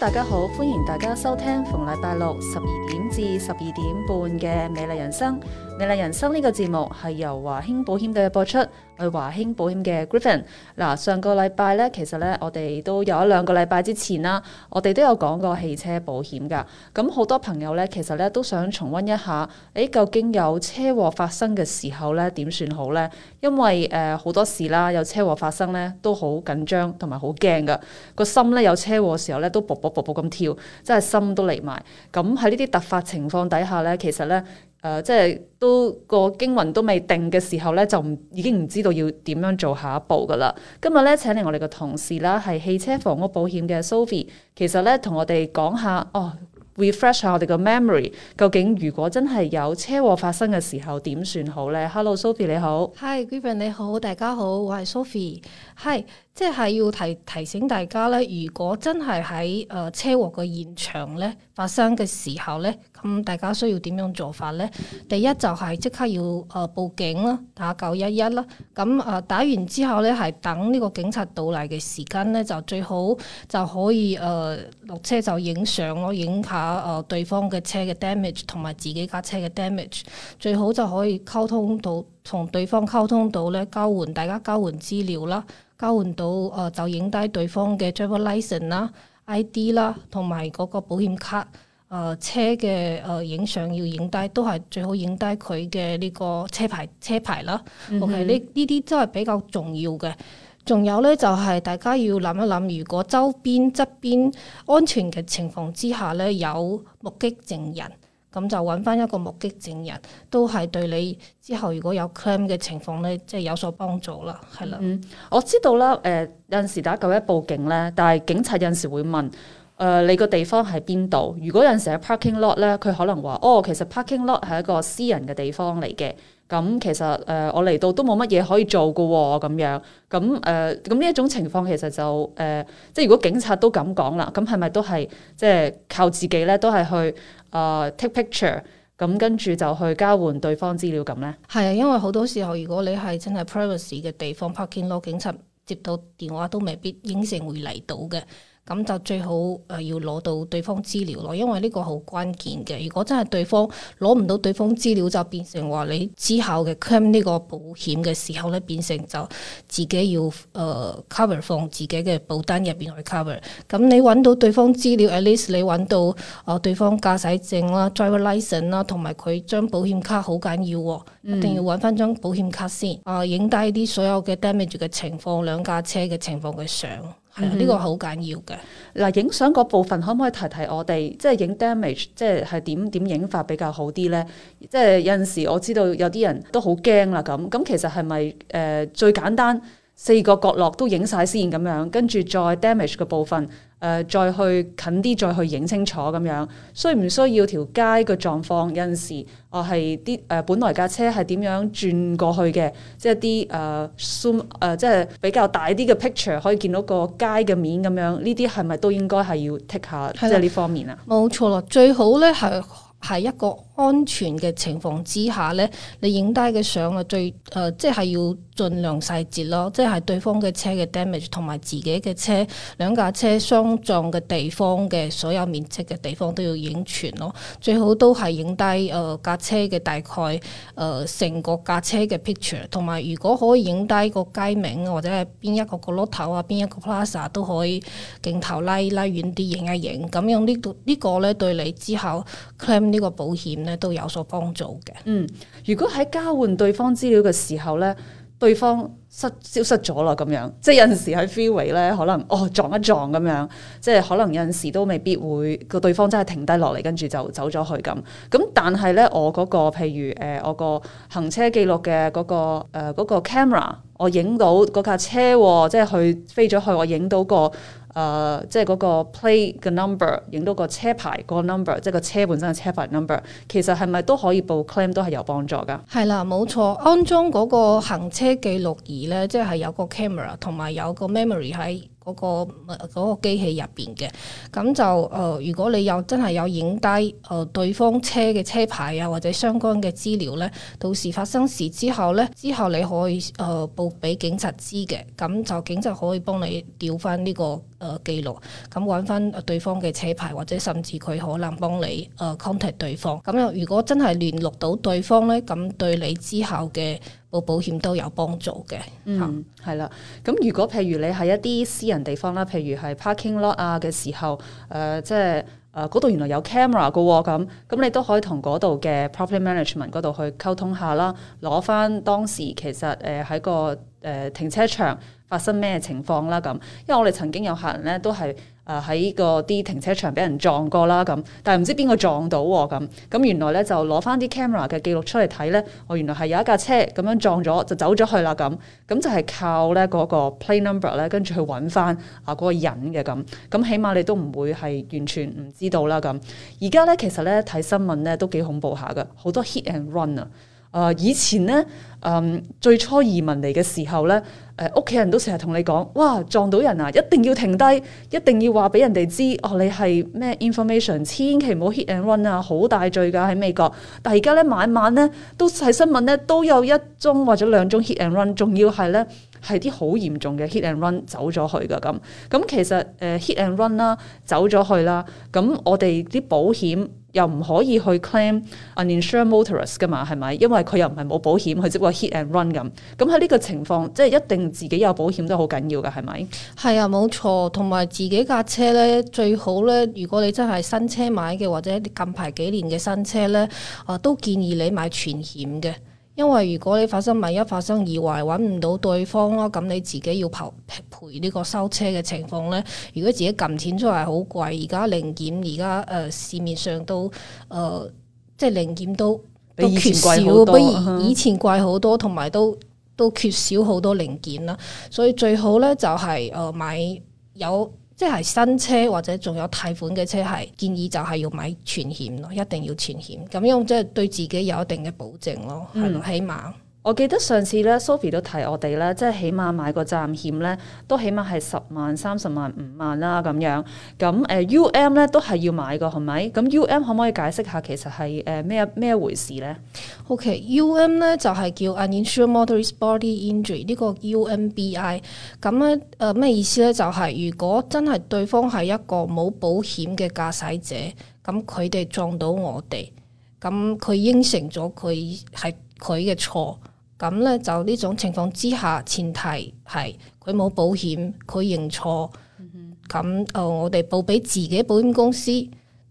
大家好，歡迎大家收聽逢禮拜六十二點至十二點半嘅美麗人生。美麗人生呢個節目係由華興保險隊播出，係華興保險嘅 Griffin。嗱、啊，上個禮拜咧，其實咧我哋都有一兩個禮拜之前啦，我哋都有講過汽車保險噶。咁好多朋友咧，其實咧都想重温一下，誒，究竟有車禍發生嘅時候咧點算好咧？因為誒好、呃、多事啦，有車禍發生咧都好緊張同埋好驚噶，個心咧有車禍嘅時候咧都卜卜卜卜咁跳，真係心都嚟埋。咁喺呢啲突發情況底下咧，其實咧。誒、呃，即係都個驚魂都未定嘅時候咧，就已經唔知道要點樣做下一步噶啦。今日咧請嚟我哋嘅同事啦，係汽車房屋保險嘅 Sophie。其實咧同我哋講下，哦 refresh 下我哋嘅 memory，究竟如果真係有車禍發生嘅時候點算好咧？Hello，Sophie 你好。Hi，Gavin r 你好，大家好，我係 Sophie。Hi。即係要提提醒大家咧，如果真係喺誒車禍嘅現場咧發生嘅時候咧，咁大家需要點樣做法咧？第一就係即刻要誒、呃、報警啦，打九一一啦。咁、嗯、誒打完之後咧，係等呢個警察到嚟嘅時間咧，就最好就可以誒落、呃、車就影相咯，影下誒、呃、對方嘅車嘅 damage 同埋自己架車嘅 damage。最好就可以溝通到，同對方溝通到咧，交換大家交換資料啦。交換到誒、呃、就影低對方嘅 driver license 啦、ID 啦，同埋嗰個保險卡誒、呃、車嘅誒、呃、影相要影低，都係最好影低佢嘅呢個車牌車牌啦。OK，呢呢啲真係比較重要嘅。仲有咧就係、是、大家要諗一諗，如果周邊側邊安全嘅情況之下咧，有目擊證人。咁就揾翻一個目擊證人，都係對你之後如果有 claim 嘅情況咧，即係有所幫助啦，係啦。嗯，我知道啦，誒、呃，有陣時打九一一報警咧，但係警察有陣時會問。誒、呃，你個地方喺邊度？如果有陣時喺 parking lot 咧，佢可能話哦，其實 parking lot 係一個私人嘅地方嚟嘅。咁、嗯、其實誒、呃，我嚟到都冇乜嘢可以做噶喎、哦，咁樣。咁、嗯、誒，咁呢一種情況其實就誒、呃，即係如果警察都咁講啦，咁係咪都係即係靠自己咧，都係去誒、呃、take picture，咁、嗯、跟住就去交換對方資料咁咧？係啊，因為好多時候如果你係真係 privacy 嘅地方 parking lot，警察接到電話都未必應承會嚟到嘅。咁就最好誒、呃、要攞到對方資料咯，因為呢個好關鍵嘅。如果真係對方攞唔到對方資料，就變成話你之後嘅 claim 呢個保險嘅時候咧，變成就自己要誒 cover 放自己嘅保單入邊去 cover。咁、嗯、你揾到對方資料，at least 你揾到啊對方駕駛證啦、driver license 啦，同埋佢張保險卡好緊要、哦，嗯、一定要揾翻張保險卡先。啊、呃，影低啲所有嘅 damage 嘅情況、兩架車嘅情況嘅相。係呢，嗯，個好緊要嘅。嗱，嗯，影相嗰部分可唔可以提提我哋，即係影 damage，即係係點點影法比較好啲咧？即係有陣時我知道有啲人都好驚啦，咁咁其實係咪誒最簡單？四個角落都影晒先咁樣，跟住再 damage 嘅部分，誒、呃，再去近啲，再去影清楚咁樣。需唔需要條街嘅狀況？有陣時我係啲誒，本來架車係點樣轉過去嘅？即係啲誒，some 誒，即係比較大啲嘅 picture，可以見到個街嘅面咁樣。呢啲係咪都應該係要剔下，即係呢方面啊？冇錯啦，最好咧係。係一個安全嘅情況之下呢，你影低嘅相啊，最、呃、誒即係要盡量細節咯，即係對方嘅車嘅 damage 同埋自己嘅車兩架車相撞嘅地方嘅所有面積嘅地方都要影全咯，最好都係影低誒架車嘅大概誒成、呃、個架車嘅 picture，同埋如果可以影低個街名或者係邊一個角落頭啊，邊一個 plaza 都可以，鏡頭拉拉遠啲影一影，咁樣呢度呢個呢、呢個、對你之後呢個保險咧都有所幫助嘅。嗯，如果喺交換對方資料嘅時候咧，對方失消失咗啦，咁樣，即係有陣時喺 freeway 咧，可能哦撞一撞咁樣，即係可能有陣時都未必會個對方真係停低落嚟，跟住就走咗去咁。咁但係咧，我嗰個譬如誒、呃，我個行車記錄嘅嗰個誒、呃嗰個 camera，我影到嗰架車即係佢飛咗去，我影到個。誒，即係嗰個 plate 嘅 number，影到個車牌個 number，即係個車本身嘅車牌 number，其實係咪都可以報 claim 都係有幫助㗎？係啦，冇錯，安裝嗰個行車記錄儀咧，即係有個 camera 同埋有，有個 memory 喺，嗰個嗰個機器入邊嘅，咁就誒，如果你有真係有影低誒對方車嘅車牌啊，或者相關嘅資料呢，到時發生事之後呢，之後你可以誒報俾警察知嘅，咁就警察可以幫你調翻呢個誒記錄，咁揾翻對方嘅車牌，或者甚至佢可能幫你誒 contact 對方，咁又如果真係聯絡到對方呢，咁對你之後嘅。保保險都有幫助嘅，嗯，係啦。咁如果譬如你喺一啲私人地方啦，譬如係 parking lot 啊嘅時候，誒、呃，即係誒嗰度原來有 camera 噶喎，咁咁你都可以同嗰度嘅 property management 嗰度去溝通下啦，攞翻當時其實誒喺個誒停車場發生咩情況啦咁。因為我哋曾經有客人咧都係。誒喺、呃、個啲停車場俾人撞過啦咁，但係唔知邊個撞到喎咁咁，原來咧就攞翻啲 camera 嘅記錄出嚟睇咧，我原來係有一架車咁樣撞咗就走咗去啦咁，咁、嗯嗯、就係、是、靠咧嗰個 plate number 咧，跟住去揾翻啊嗰個人嘅咁，咁、嗯、起碼你都唔會係完全唔知道啦咁。而家咧其實咧睇新聞咧都幾恐怖下㗎，好多 hit and run 啊！誒、呃、以前咧誒、嗯、最初移民嚟嘅時候咧。誒屋企人都成日同你講，哇，撞到人啊，一定要停低，一定要話俾人哋知，哦你係咩 information，千祈唔好 hit and run 啊，好大罪噶喺、啊、美國。但而家咧晚晚咧都喺新聞咧都有一宗或者兩宗 hit and run，仲要係咧係啲好嚴重嘅 hit and run 走咗去噶咁。咁、嗯、其實誒、呃、hit and run 啦，走咗去啦，咁、嗯、我哋啲保險又唔可以去 claim uninsured motorists 噶嘛，係咪？因為佢又唔係冇保險，佢只係 hit and run 咁。咁喺呢個情況，即係一定。自己有保險都好緊要嘅，係咪？係啊，冇錯。同埋自己架車咧，最好咧。如果你真係新車買嘅，或者近排幾年嘅新車咧，啊、呃，都建議你買全險嘅。因為如果你發生萬一發生意外，揾唔到對方咯，咁你自己要賠賠呢個修車嘅情況咧。如果自己撳錢出嚟好貴，而家零件而家誒市面上都誒、呃，即係零件都都少，比以前貴好多，同埋、嗯嗯、都。都缺少好多零件啦，所以最好咧就係誒買有即係新車或者仲有貸款嘅車，係建議就係要買全險咯，一定要全險，咁樣即係對自己有一定嘅保證咯，係咯、嗯，起碼。我記得上次咧，Sophie 都提我哋啦，即係起碼買個責任險咧，都起碼係十萬、三十萬、五萬啦咁樣。咁誒 UM 咧都係要買個，係咪？咁 UM 可唔可以解釋下其實係誒咩咩回事咧？OK，UM、okay, 咧就係叫 Uninsured Motorist Body Injury 呢個 UMBI。咁咧誒咩意思咧？就係、是、如果真係對方係一個冇保險嘅駕駛者，咁佢哋撞到我哋，咁佢應承咗佢係佢嘅錯。咁咧就呢種情況之下，前提係佢冇保險，佢認錯。咁誒、mm hmm. 呃，我哋報俾自己保險公司，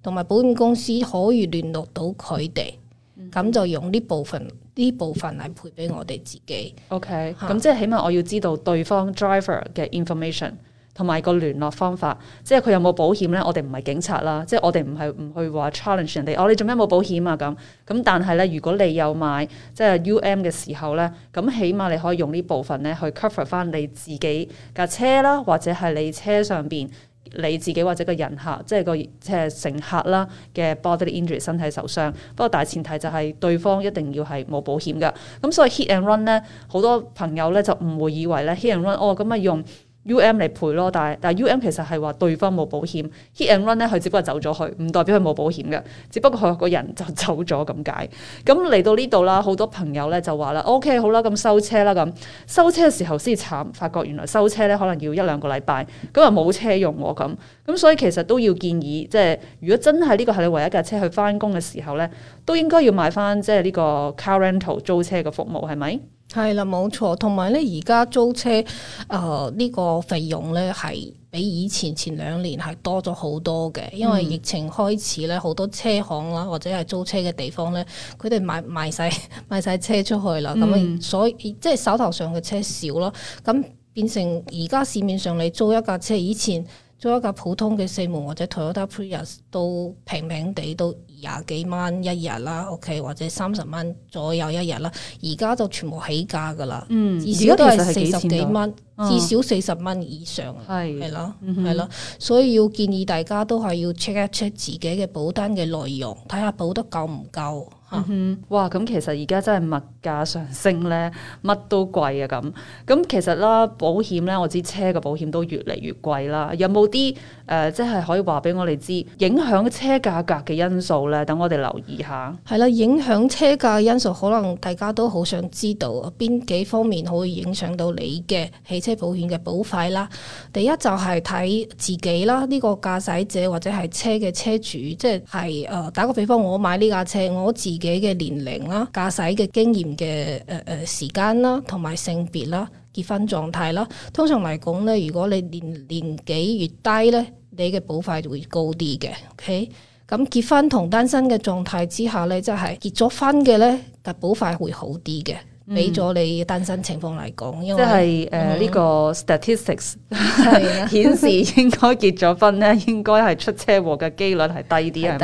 同埋保險公司可以聯絡到佢哋。咁、mm hmm. 就用呢部分呢部分嚟賠俾我哋自己。OK，咁 即係起碼我要知道對方 driver 嘅 information。同埋個聯絡方法，即係佢有冇保險咧？我哋唔係警察啦，即係我哋唔係唔去話 challenge 人哋哦。你做咩冇保險啊？咁咁，但係咧，如果你有買即係 UM 嘅時候咧，咁起碼你可以用呢部分咧去 cover 翻你自己架車啦，或者係你車上邊你自己或者個人客，即係個即係乘客啦嘅 bodily injury 身體受傷。不過大前提就係對方一定要係冇保險噶。咁所以 hit and run 咧，好多朋友咧就唔會以為咧 hit and run 哦咁啊用 U M 嚟賠咯，但係但係 U M 其實係話對方冇保險，hit and run 咧佢只不過走咗去，唔代表佢冇保險嘅，只不過佢個人就走咗咁解。咁嚟到呢度啦，好多朋友咧就話啦：O K 好啦，咁收車啦咁。收車嘅時候先慘，發覺原來收車咧可能要一兩個禮拜，咁又冇車用喎咁。咁所以其實都要建議，即係如果真係呢個係你唯一架車去返工嘅時候咧，都應該要買返即係呢個 car rental 租車嘅服務係咪？是係啦，冇錯。同埋咧，而家租車，誒、呃、呢、這個費用咧係比以前前兩年係多咗好多嘅，嗯、因為疫情開始咧，好多車行啦，或者係租車嘅地方咧，佢哋賣賣晒賣晒車出去啦，咁、嗯、所以即係手頭上嘅車少咯，咁變成而家市面上你租一架車，以前，租一架普通嘅四門或者 Toyota Prius 都平平地都廿幾蚊一日啦，OK，或者三十蚊左右一日啦。而家就全部起價噶啦，嗯，而家都係四十幾蚊，嗯、至少四十蚊以上，係係咯，係咯啦、嗯哼，所以要建議大家都係要 check 一 check 自己嘅保單嘅內容，睇下保得夠唔夠。嗯、uh huh. 哇！咁其實而家真係物價上升咧，乜都貴啊咁。咁其實啦，保險咧，我知車嘅保險都越嚟越貴啦。有冇啲誒即係可以話俾我哋知影響車價格嘅因素咧？等我哋留意下。係啦，影響車價因素，可能大家都好想知道邊幾方面可以影響到你嘅汽車保險嘅保費啦。第一就係睇自己啦，呢個駕駛者或者係車嘅車主，即係係誒打個比方，我買呢架車，我自己。自己嘅年齡啦、駕駛嘅經驗嘅誒誒時間啦、同埋性別啦、結婚狀態啦，通常嚟講咧，如果你年年紀越低咧，你嘅保費就會高啲嘅。OK，咁結婚同單身嘅狀態之下咧，即係結咗婚嘅咧嘅保費會好啲嘅。俾咗你嘅單身情況嚟講，因為即係呢、呃嗯、個 statistics 的 顯示應該結咗婚咧，應該係出車禍嘅機率係低啲係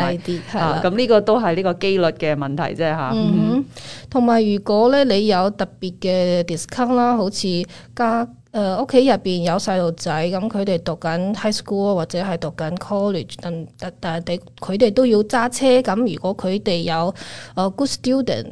咪？啊，咁呢吧的、嗯、個都係呢個機率嘅問題啫嚇。嗯，同埋、嗯、如果咧你有特別嘅 discount 啦，好、呃、似家誒屋企入邊有細路仔咁，佢哋讀緊 high school 或者係讀緊 college，但但係佢哋都要揸車咁。如果佢哋有誒、呃、good student，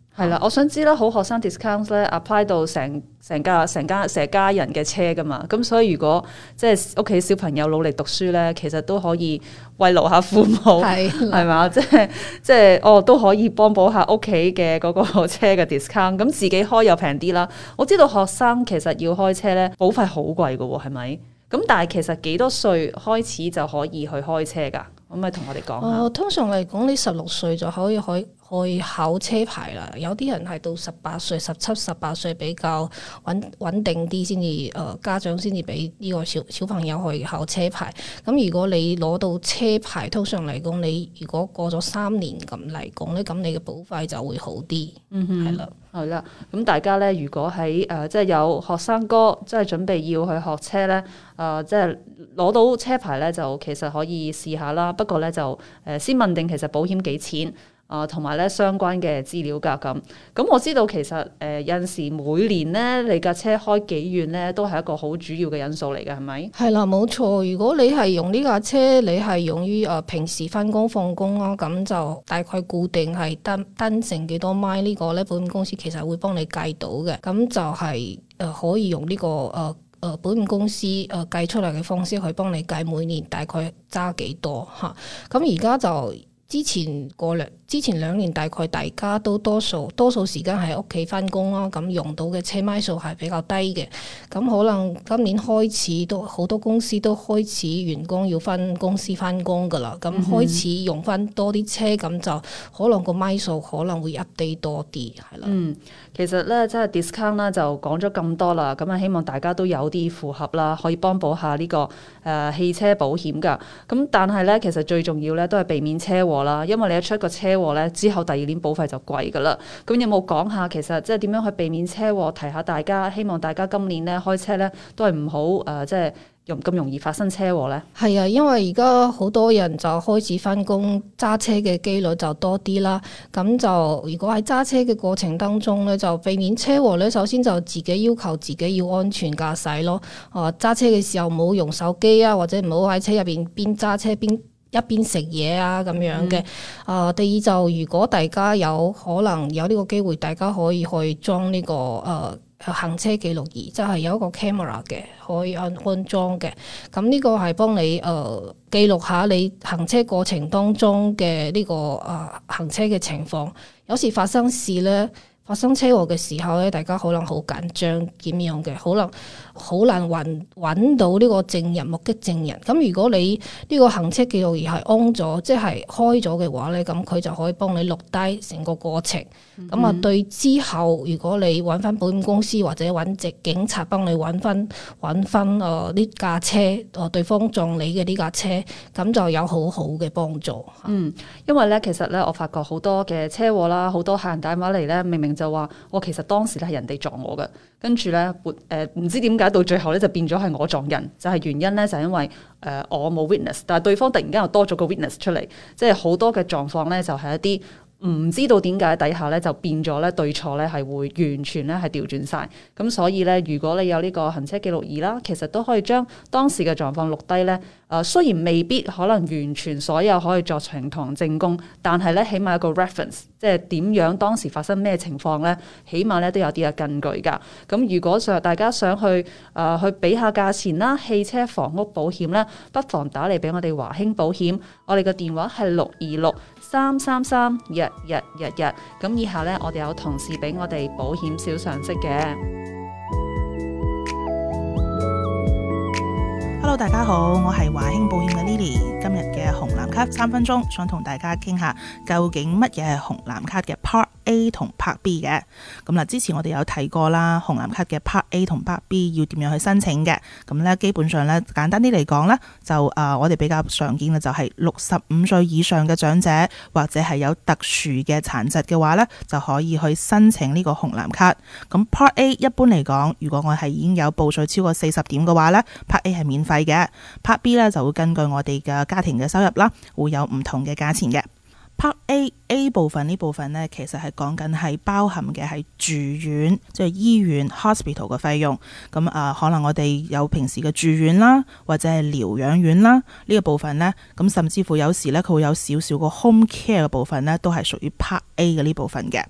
係啦，啊、我想知啦，好學生 discount 咧 apply 到成成架成家成家,家人嘅車噶嘛，咁所以如果即係屋企小朋友努力讀書咧，其實都可以慰勞下父母係係嘛，即係即係哦都可以幫補下屋企嘅嗰個車嘅 discount，咁自己開又平啲啦。我知道學生其實要開車咧，保費好貴噶，係咪？咁但係其實幾多歲開始就可以去開車噶？可唔可以同我哋講下、哦？通常嚟講，你十六歲就可以去。去考車牌啦，有啲人係到十八歲、十七、十八歲比較穩穩定啲先至，誒家長先至俾呢個小小朋友去考車牌。咁如果你攞到車牌，通常嚟講，你如果過咗三年咁嚟講咧，咁你嘅保費就會好啲。嗯嗯，係啦，係啦。咁大家咧，如果喺誒即係有學生哥，即係準備要去學車咧，誒即係攞到車牌咧，就其實可以試下啦。不過咧就誒先問定，其實保險幾錢。啊，同埋咧相關嘅資料架咁，咁、嗯、我知道其實誒，人、呃、士每年咧，你架車開幾遠咧，都係一個好主要嘅因素嚟嘅，係咪？係啦，冇錯。如果你係用呢架車，你係用於誒、呃、平時返工放工咯、啊，咁就大概固定係單單程幾多米呢個咧？保險公司其實會幫你計到嘅，咁就係、是、誒、呃、可以用呢、這個誒誒保險公司誒、呃、計出嚟嘅方式去幫你計每年大概揸幾多嚇。咁而家就之前過兩。之前兩年大概大家都多數多數時間喺屋企翻工啦，咁用到嘅車咪數係比較低嘅。咁可能今年開始都好多公司都開始員工要翻公司翻工噶啦，咁開始用翻多啲車，咁就、嗯、哼可能個咪數可能會 update 多啲，係啦。嗯，其實咧即係 discount 啦就講咗咁多啦，咁啊希望大家都有啲符合啦，可以幫補下呢、這個誒、呃、汽車保險㗎。咁但係咧其實最重要咧都係避免車禍啦，因為你一出個車。之後第二年保費就貴噶啦，咁有冇講下其實即係點樣去避免車禍？提下大家，希望大家今年呢開車呢都係唔好誒，即係又咁容易發生車禍呢。係啊，因為而家好多人就開始翻工，揸車嘅機率就多啲啦。咁就如果喺揸車嘅過程當中呢，就避免車禍呢，首先就自己要求自己要安全駕駛咯。啊、呃，揸車嘅時候冇用手機啊，或者唔好喺車入邊邊揸車邊。一邊食嘢啊咁樣嘅，啊、嗯、第二就如果大家有可能有呢個機會，大家可以去裝呢、這個誒、呃、行車記錄儀，就係有一個 camera 嘅可以安安裝嘅。咁呢個係幫你誒、呃、記錄下你行車過程當中嘅呢、這個誒、呃、行車嘅情況。有時發生事呢，發生車禍嘅時候呢，大家可能好緊張，點樣嘅可能。好難揾揾到呢個證人，目擊證人。咁如果你呢個行車記錄儀係安咗，即係開咗嘅話咧，咁佢就可以幫你錄低成個過程。咁啊、嗯嗯，對之後如果你揾翻保險公司或者揾隻警察幫你揾翻揾翻啊呢架車，啊對方撞你嘅呢架車，咁就有好好嘅幫助。嗯，因為咧其實咧，我發覺好多嘅車禍啦，好多客人打電話嚟咧，明明就話我、哦、其實當時咧係人哋撞我嘅，跟住咧撥誒唔知點。解到最後咧就變咗係我撞人，就係、是、原因咧就係、因為誒、呃、我冇 witness，但係對方突然間又多咗個 witness 出嚟，即係好多嘅狀況咧就係、是、一啲唔知道點解底下咧就變咗咧對錯咧係會完全咧係調轉晒，咁所以咧如果你有呢個行車記錄儀啦，其實都可以將當時嘅狀況錄低咧。誒、呃、雖然未必可能完全所有可以作呈堂證供，但係咧起碼有一個 reference，即係點樣當時發生咩情況咧，起碼咧都有啲嘅根據㗎。咁如果上大家想去誒、呃、去比下價錢啦，汽車房屋保險咧，不妨打嚟俾我哋華興保險，我哋嘅電話係六二六三三三一一一一。咁以下咧，我哋有同事俾我哋保險小常識嘅。Hello, 大家好，我係華興保險嘅 Lily，今日嘅紅藍卡三分鐘，想同大家傾下究竟乜嘢係紅藍卡嘅 part A 同 Part B 嘅，咁嗱，之前我哋有提過啦，紅藍卡嘅 Part A 同 Part B 要點樣去申請嘅，咁呢，基本上呢，簡單啲嚟講呢，就誒、呃、我哋比較常見嘅就係六十五歲以上嘅長者或者係有特殊嘅殘疾嘅話呢，就可以去申請呢個紅藍卡。咁 Part A 一般嚟講，如果我係已經有報稅超過四十點嘅話呢，Part A 係免費嘅，Part B 呢，就會根據我哋嘅家庭嘅收入啦，會有唔同嘅價錢嘅。Part A, A 部分呢部分呢，其實係講緊係包含嘅係住院，即係醫院 hospital 嘅費用。咁啊，可能我哋有平時嘅住院啦，或者係療養院啦呢個部分呢，咁甚至乎有時呢，佢會有少少個 home care 嘅部分呢，都係屬於 Part A 嘅呢部分嘅。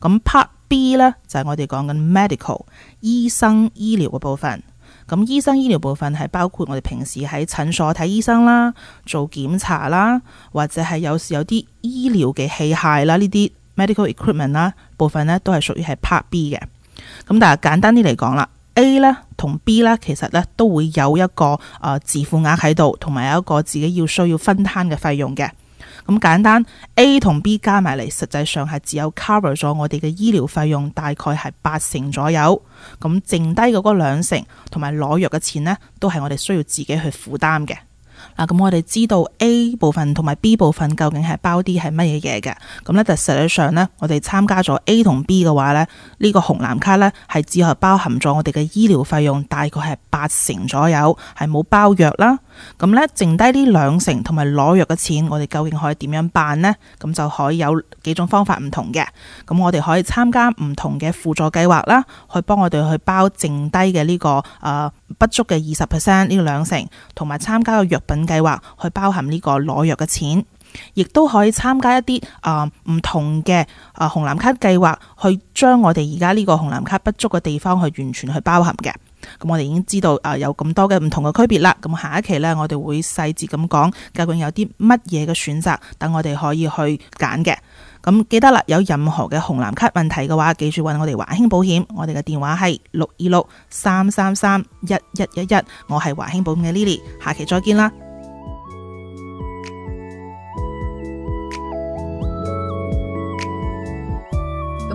咁 Part B 呢，就係我哋講緊 medical 醫生醫療嘅部分。咁醫生醫療部分係包括我哋平時喺診所睇醫生啦，做檢查啦，或者係有時有啲醫療嘅器械啦，呢啲 medical equipment 啦，部分呢，都係屬於係 Part B 嘅。咁但係簡單啲嚟講啦，A 咧同 B 啦，其實呢，都會有一個誒、呃、自付額喺度，同埋有一個自己要需要分攤嘅費用嘅。咁簡單，A 同 B 加埋嚟，實際上係只有 cover 咗我哋嘅醫療費用大概係八成左右。咁剩低嘅嗰兩成同埋攞藥嘅錢呢，都係我哋需要自己去負擔嘅。嗱、啊，咁、嗯、我哋知道 A 部分同埋 B 部分究竟係包啲係乜嘢嘢嘅。咁、嗯、呢，就實際上呢，我哋參加咗 A 同 B 嘅話呢，呢、呢個紅藍卡呢，係只係包含咗我哋嘅醫療費用大概係八成左右，係冇包藥啦。咁咧，剩低呢兩成同埋攞藥嘅錢，我哋究竟可以點樣辦呢？咁就可以有幾種方法唔同嘅。咁我哋可以參加唔同嘅輔助計劃啦，去幫我哋去包剩低嘅呢個誒不足嘅二十 percent 呢個兩成，同埋參加個藥品計劃去包含呢個攞藥嘅錢，亦都可以參加一啲誒唔同嘅誒紅藍卡計劃，去將我哋而家呢個紅藍卡不足嘅地方去完全去包含嘅。咁我哋已經知道啊，有咁多嘅唔同嘅區別啦。咁下一期呢，我哋會細節咁講，究竟有啲乜嘢嘅選擇，等我哋可以去揀嘅。咁記得啦，有任何嘅紅藍卡問題嘅話，記住揾我哋華興保險，我哋嘅電話係六二六三三三一一一一，我係華興保險嘅 Lily，下期再見啦。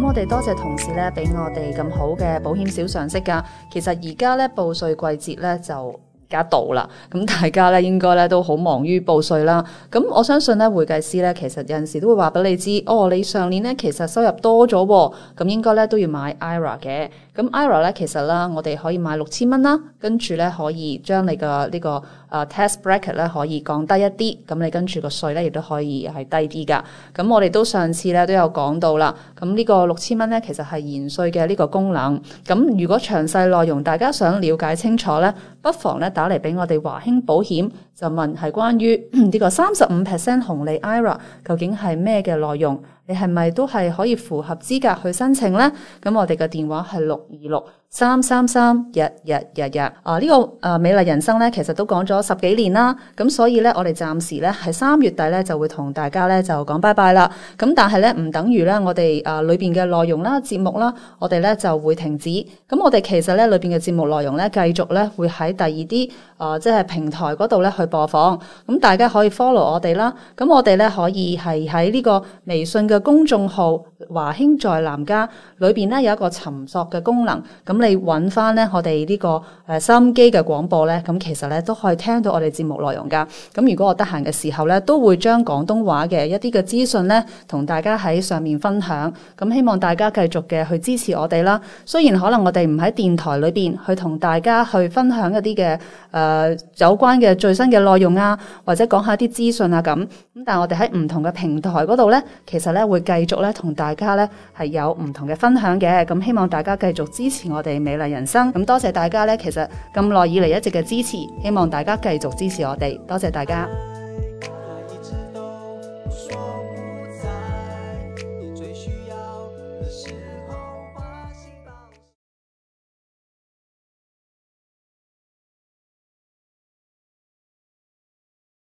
咁、嗯、我哋多謝同事咧，俾我哋咁好嘅保險小常識噶。其實而家咧報稅季節咧就而家到啦，咁大家咧應該咧都好忙於報稅啦。咁、嗯、我相信咧會計師咧其實有陣時都會話俾你知，哦，你上年咧其實收入多咗喎，哦，咁應該咧都要買 IRA 嘅。咁、嗯、IRA 咧其實啦，我哋可以買六千蚊啦，跟住咧可以將你嘅呢、這個。啊 tax bracket 咧可以降低一啲，咁你跟住個稅咧亦都可以係低啲噶。咁我哋都上次咧都有講到啦。咁呢個六千蚊咧其實係延稅嘅呢個功能。咁如果詳細內容大家想了解清楚咧，不妨咧打嚟俾我哋華興保險，就問係關於呢 個三十五 percent 紅利 IRA 究竟係咩嘅內容。你係咪都係可以符合資格去申請呢？咁我哋嘅電話係六二六三三三一一一一啊！呢、這個啊美麗人生咧，其實都講咗十幾年啦。咁所以咧，我哋暫時咧係三月底咧就會同大家咧就講拜拜啦。咁但係咧唔等於咧，我哋啊裏邊嘅內容啦、節目啦，我哋咧就會停止。咁我哋其實咧裏邊嘅節目內容咧，繼續咧會喺第二啲啊即係、就是、平台嗰度咧去播放。咁大家可以 follow 我哋啦。咁我哋咧可以係喺呢個微信。嘅公眾號華興在南加裏邊咧有一個尋索嘅功能，咁、嗯、你揾翻咧我哋、這個呃、呢個誒收音機嘅廣播咧，咁、嗯、其實咧都可以聽到我哋節目內容噶。咁、嗯、如果我得閒嘅時候咧，都會將廣東話嘅一啲嘅資訊咧，同大家喺上面分享。咁、嗯、希望大家繼續嘅去支持我哋啦。雖然可能我哋唔喺電台裏邊去同大家去分享一啲嘅誒有關嘅最新嘅內容啊，或者講下啲資訊啊咁。咁但係我哋喺唔同嘅平台嗰度咧，其實咧～都會繼續咧同大家咧係有唔同嘅分享嘅，咁希望大家繼續支持我哋美麗人生，咁多謝大家咧。其實咁耐以嚟一直嘅支持，希望大家繼續支持我哋，多謝大家。